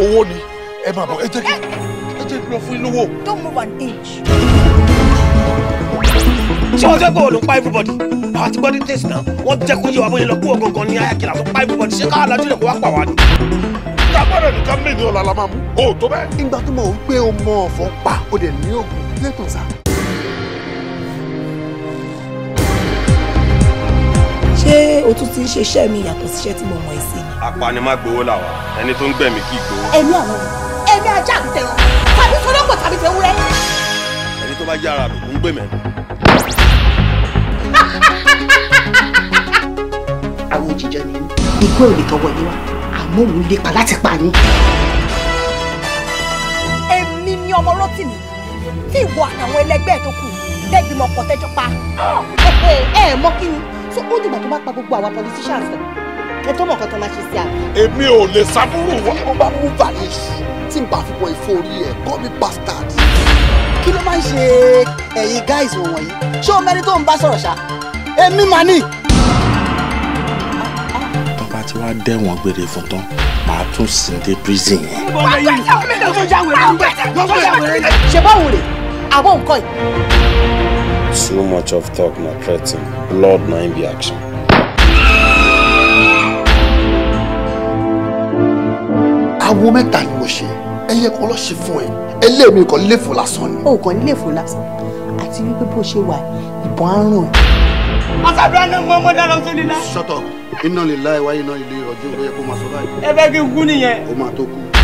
owó ni ẹ máa bọ̀ ẹ jẹ́ kí ẹ jẹ́ kí lọ fún ilówó. don't move an inch. ṣé wọ́n jẹ́ pé òòlù ń pa everybody àti body taste náà wọ́n jẹ́ kó yẹ wá bóyá lọ kú ọ̀gọ̀ngàn ní ayakẹ́lá tó pa everybody ṣé káà lajú lè kó wá pa wá ni. dábàdàn nìkan mílíọ̀nù ọ̀la la máa mú o tó bẹ́ẹ̀. ìgbà tó mọ̀ wípé o mọ ọ̀fọ̀ pa o dẹ̀ ní oògùn lẹ́tọ̀ọ̀sà. o tún ti ń ṣe iṣẹ́ mi yàtọ̀ sí tí mo mọ̀ ẹ́ sí ni. apanimagbowó làwà ẹni tó ń gbẹ̀mí kì í gbowó. ẹ̀mí àwọn ẹ̀mí ajá àgùntẹ̀yàn tàbí sọlọ́pọ̀ tàbí tẹ̀wúrẹ́. ẹni tó bá yára lò ń gbẹ̀mẹ̀. àwọn òjijì ni ikú ò lè tọwọ́ yín wá àmọ́ òun lépa láti pa yín. èmi ni ọmọ Rotimi tí ìwọ àtàwọn ẹlẹgbẹ́ tó kù lẹ́gbìmọ̀ pọ̀tẹ́jọ pa. ẹ ẹ kí ni so ó dìgbà tó bá pa gbogbo àwa politicians rẹ̀ ẹ tó mọ̀ nǹkan tó máa ṣe sí àná. èmi ò lè sábúrò wọn. ó bá mú vanish tí n bá fi bọ ìfọ orí ẹ call me bastard. kí ló máa ń ṣe ẹ̀yin guys wọ̀nyí ṣé o mẹ́ni tó ń bá sọ̀rọ̀ ṣá èmi mà ní. bàbá tí wàá dẹ̀wọ̀n gbére fún tán màá tún sìn dé prison yẹn. ṣe báwo rè àbọ̀ nǹkan yìí. too much of talk not threatening blood na in the action. awo woman ni mo ṣe ẹyẹ kan lọ ṣe fún ẹ ẹlẹ́mi kan léfò lásán ni. o kàn ní léfò lásán àti wípé bó ṣe wà ìbọn á rùn. àṣàdúrà náà mọ ọmọdé lọ shut up iná lè láìwá iná ilé ìrọ̀jú ló yẹ kó máa sọ báyìí. ẹ fẹ́ kí n kú nìyẹn. ó máa tó